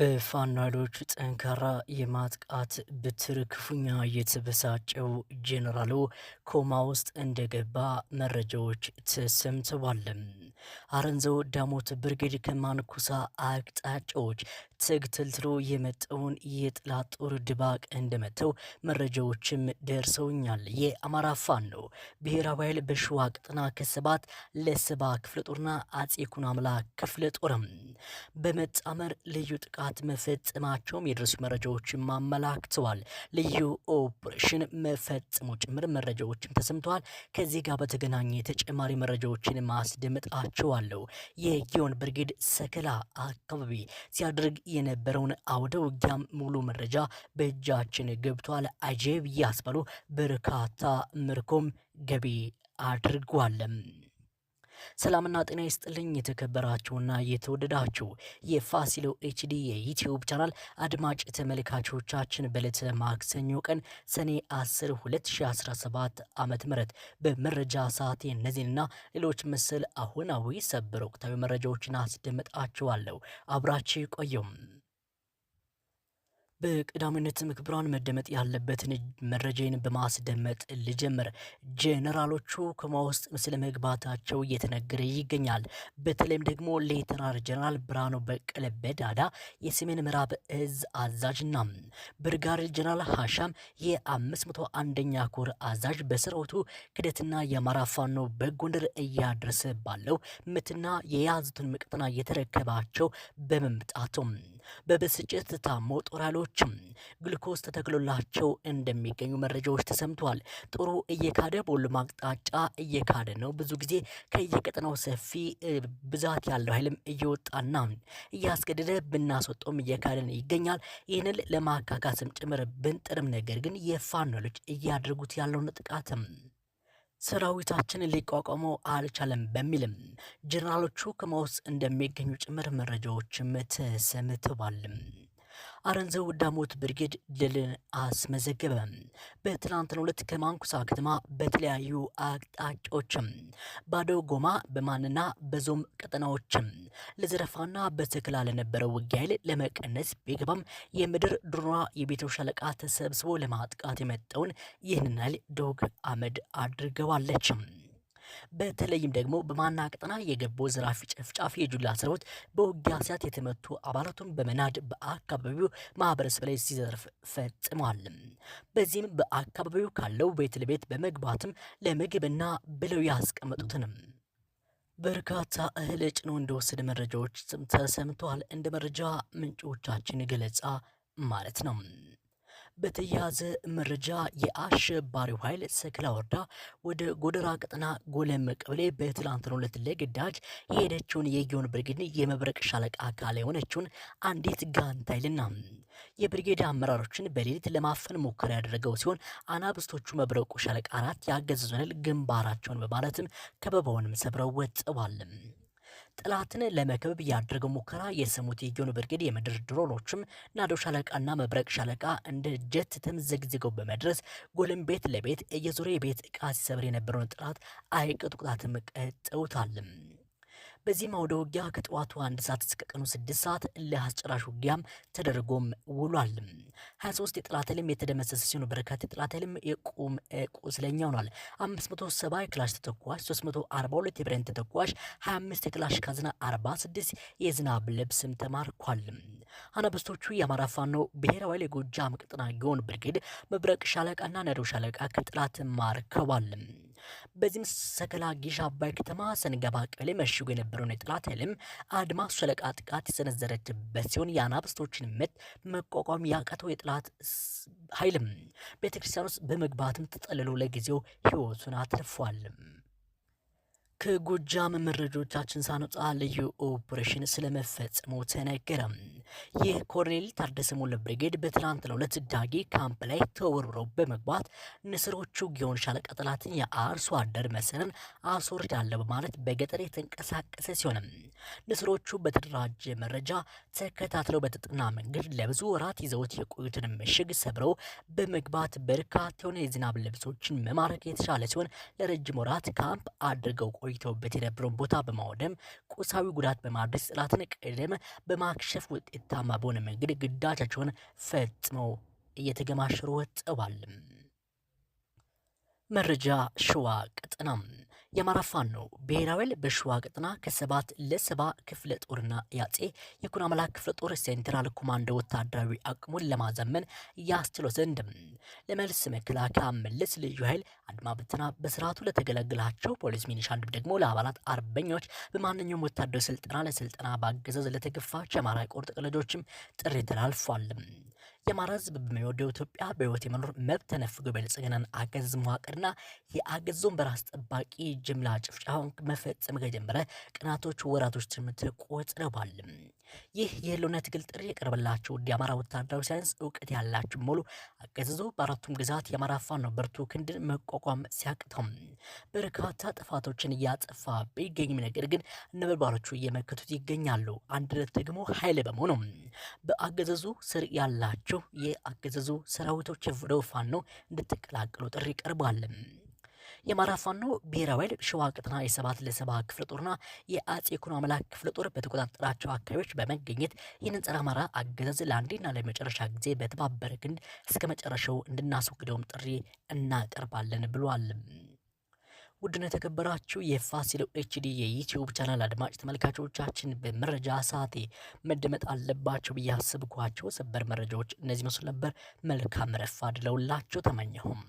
በፋኖ ጠንካራ የማጥቃት ብትር ክፉኛ የተበሳጨው ጄኔራሉ ኮማ ውስጥ እንደገባ መረጃዎች ተሰምተዋል። አረንዘው ዳሞት ብርጌድ ከማንኩሳ አቅጣጫዎች ተግተልትሎ የመጣውን የጠላት ጦር ድባቅ እንደመተው መረጃዎችም ደርሰውኛል። የአማራ ፋኖ ነው ብሔራዊ ኃይል በሸዋ ቅጥና ከሰባት ለሰባ ክፍለ ጦርና አጼ አምላክ ክፍለ ጦርም በመጣመር ልዩ ጥቃት ጥቃት መፈጸማቸውም የደረሱ መረጃዎችም አመላክተዋል። ልዩ ኦፕሬሽን መፈጸሙ ጭምር መረጃዎችም ተሰምተዋል። ከዚህ ጋር በተገናኘ ተጨማሪ መረጃዎችን ማስደምጣቸዋለሁ። የጊዮን ብርጌድ ሰከላ አካባቢ ሲያደርግ የነበረውን አውደ ውጊያ ሙሉ መረጃ በእጃችን ገብቷል። አጀብ ያስባሉ በርካታ ምርኮም ገቢ አድርጓለም። ሰላምና ጤና ይስጥልኝ የተከበራችሁና የተወደዳችሁ የፋሲሎ ኤችዲ የዩትዩብ ቻናል አድማጭ ተመልካቾቻችን በዕለተ ማክሰኞ ቀን ሰኔ 10 2017 ዓመተ ምህረት በመረጃ ሰዓት እነዚህንና ሌሎች ምስል አሁናዊ ሰበር ወቅታዊ መረጃዎችን አስደምጣችኋለሁ። አብራችሁ ቆዩም። በቀዳሚነት ምክብሯን መደመጥ ያለበትን መረጃን በማስደመጥ ልጀምር። ጄኔራሎቹ ኮማ ውስጥ ስለ መግባታቸው እየተነገረ ይገኛል። በተለይም ደግሞ ሌተናል ጄኔራል ብርሃኑ በቀለ በዳዳ የሰሜን ምዕራብ እዝ አዛዥና ብርጋር ጄኔራል ሀሻም የ501ኛ ኮር አዛዥ በሰራዊቱ ክደትና የአማራ ፋኖ በጎንደር እያደረሰ ባለው ምትና የያዙትን ምቅጥና እየተረከባቸው በመምጣቱም በብስጭት ታመው ጦር ኃይሎችም ግልኮስ ተተክሎላቸው እንደሚገኙ መረጃዎች ተሰምተዋል። ጦሩ እየካደ በሁሉም አቅጣጫ እየካደ ነው። ብዙ ጊዜ ከየቀጠናው ሰፊ ብዛት ያለው ኃይልም እየወጣና እያስገደደ ብናስወጣውም እየካደን ይገኛል። ይህንን ለማካካስም ጭምር ብንጥርም ነገር ግን የፋኖሎች ኃይሎች እያደረጉት ያለውን ጥቃትም ሰራዊታችን ሊቋቋመው አልቻለም በሚልም ጀነራሎቹ ከማ ውስጥ እንደሚገኙ ጭምር መረጃዎችም ተሰምተዋልም። አረንዘው ዳሞት ብርጌድ ድልን አስመዘገበ። በትናንትናው ዕለት ከማንኩሳ ከተማ በተለያዩ አቅጣጫዎችም ባዶ ጎማ በማንና በዞም ቀጠናዎችም ለዘረፋና በተክላ ለነበረው ውጊያ ኃይል ለመቀነስ ቢገባም የምድር ድሮና የቤተው ሻለቃ ተሰብስቦ ለማጥቃት የመጣውን ይህንን ኃይል ዶግ አመድ አድርገዋለችም። በተለይም ደግሞ በማናቅጥና የገቦ ዝራፊ ጨፍጫፊ የጁላ ሰራዊት በውጊያ ሰዓት የተመቱ አባላቱን በመናድ በአካባቢው ማህበረሰብ ላይ ሲዘርፍ ፈጽሟል። በዚህም በአካባቢው ካለው ቤት ለቤት በመግባትም ለምግብና ብለው ያስቀመጡትንም በርካታ እህል ጭኖ እንደወሰደ መረጃዎች ተሰምተዋል። እንደ መረጃ ምንጮቻችን ገለጻ ማለት ነው። በተያያዘ መረጃ የአሸባሪው ኃይል ሰክላ ወርዳ ወደ ጎደራ ቅጥና ጎለም ቀበሌ በትላንትናው ዕለት ለግዳጅ የሄደችውን የጊዮን ብርጌድን የመብረቅ ሻለቃ አካል የሆነችውን አንዲት ጋንታይልና የብርጌድ አመራሮችን በሌሊት ለማፈን ሙከራ ያደረገው ሲሆን አናብስቶቹ መብረቁ ሻለቃ አራት ያገዘዙ ግንባራቸውን በማለትም ከበባውንም ሰብረው ወጥተዋል። ጠላትን ለመክበብ ያደረገ ሙከራ የሰሙት የጊዮን ብርጌድ የምድር ድሮኖችም ናዶ ሻለቃና መብረቅ ሻለቃ እንደ ጀት ተምዘግዝገው በመድረስ ጎልም ቤት ለቤት እየዞረ የቤት ዕቃ ሲሰብር የነበረውን ጠላት አይቀጡ ቅጣትም ቀጠውታልም። በዚህም አውደ ውጊያ ከጠዋቱ አንድ ሰዓት እስከ ቀኑ ስድስት ሰዓት እልህ አስጨራሽ ውጊያም ተደርጎም ውሏል። ሀያ ሶስት የጠላት ኃይልም የተደመሰሰ ሲሆን በርካታ የጠላት ኃይልም የቁም ቁስለኛ ሆኗል። አምስት መቶ ሰባ የክላሽ ተተኳሽ፣ ሶስት መቶ አርባ ሁለት የብሬን ተተኳሽ፣ ሀያ አምስት የክላሽ ካዝና፣ አርባ ስድስት የዝናብ ልብስም ተማርኳል። አናበስቶቹ የአማራ ፋኖ ብሔራዊ ኃይል የጎጃም ቅጥና ጊዮን ብርጌድ መብረቅ ሻለቃና ነዶ ሻለቃ ከጠላት ማርከዋል። በዚህም ሰከላ ጊሽ አባይ ከተማ ሰንገባ ቀበሌ መሽጎ የነበረውን የጠላት ኃይልም አድማ ሰለቃ ጥቃት የሰነዘረችበት ሲሆን የአናብስቶችን ምት መቋቋም ያቀተው የጠላት ኃይልም ቤተክርስቲያን ውስጥ በመግባትም ተጠልሎ ለጊዜው ህይወቱን አትርፏል። ከጎጃም መረጃዎቻችን ሳንወጣ ልዩ ኦፕሬሽን ስለመፈጸሙ ተነገረ። ይህ ኮሎኔል ታደሰ ሞለ ብርጌድ በትናንትናው ሁለት ዳጊ ካምፕ ላይ ተወርሮ በመግባት ንስሮቹ ጊዮን ሻለቃ ጠላትን የአርሶ አደር መስርን አስወርዳለሁ በማለት በገጠር የተንቀሳቀሰ ሲሆንም ንስሮቹ በተደራጀ መረጃ ተከታትለው በተጠና መንገድ ለብዙ ወራት ይዘውት የቆዩትን ምሽግ ሰብረው በመግባት በርካታ የሆነ የዝናብ ልብሶችን መማረክ የተቻለ ሲሆን ለረጅም ወራት ካምፕ አድርገው ቆዩ። ቆይተውበት የነበረውን ቦታ በማውደም ቁሳዊ ጉዳት በማድረስ ጠላትን ቀደም በማክሸፍ ውጤታማ በሆነ መንገድ ግዳጃቸውን ፈጽመው እየተገማሸሩ ወጥተዋል። መረጃ ሸዋ ቀጠና የአማራ ፋኖ ብሔራዊ ኃይል በሸዋ ቀጠና ከሰባት ለሰባ ክፍለ ጦርና ያጼ የኩን አምላክ ክፍለ ጦር ሴንትራል ኮማንዶ ወታደራዊ አቅሙን ለማዘመን ያስችሎ ዘንድ ለመልስ መከላከያ መለስ ልዩ ኃይል አድማ ብትና በስርዓቱ ለተገለግላቸው ፖሊስ፣ ሚኒሻ እንዲሁም ደግሞ ለአባላት አርበኞች በማንኛውም ወታደር ስልጠና ለስልጠና ባገዘዝ ለተገፋች የአማራ ቆርጥ ጥቅልጆችም ጥሪ ተላልፏል። የአማራ ህዝብ በሚወደው ኢትዮጵያ በህይወት የመኖር መብት ተነፍጎ የብልጽግናን አገዝ መዋቅርና የአገዞን በራስ ጠባቂ ጅምላ ጭፍጫውን መፈጸም ከጀመረ ቀናቶች፣ ወራቶች ትምት ቆጥረዋል። ይህ የህልውና ትግል ጥሪ የቀረበላቸው ውድ የአማራ ወታደራዊ ሳይንስ እውቀት ያላችሁ ሙሉ አገዛዙ በአራቱም ግዛት የአማራ ፋኖ ብርቱ ክንድን መቋቋም ሲያቅተው በርካታ ጥፋቶችን እያጠፋ ቢገኝም ነገር ግን ነበልባሎቹ እየመከቱት ይገኛሉ። አንድነት ደግሞ ኃይል በመሆኑ በአገዛዙ ስር ያላችሁ የአገዛዙ ሰራዊቶች ወደ ፋኖ እንድትቀላቀሉ ጥሪ ቀርቧል። የአማራ ፋኖ ብሔራዊ ኃይል ሸዋ ቀጠና የሰባት ለሰባ ክፍለ ጦርና የአጼ ይኩኖ አምላክ ክፍለ ጦር በተቆጣጠራቸው አካባቢዎች በመገኘት ይህንን ጸረ አማራ አገዛዝ ለአንዴና ለመጨረሻ ጊዜ በተባበረ ክንድ እስከ መጨረሻው እንድናስወግደውም ጥሪ እናቀርባለን ብሏል። ውድነ የተከበራችሁ የፋሲል ኤችዲ የዩትዩብ ቻናል አድማጭ ተመልካቾቻችን በመረጃ ሰዓቴ መደመጥ አለባቸው ብዬ አሰብኳቸው ሰበር መረጃዎች እነዚህ መስሉ ነበር። መልካም ረፋድ ለውላችሁ ተመኘሁም።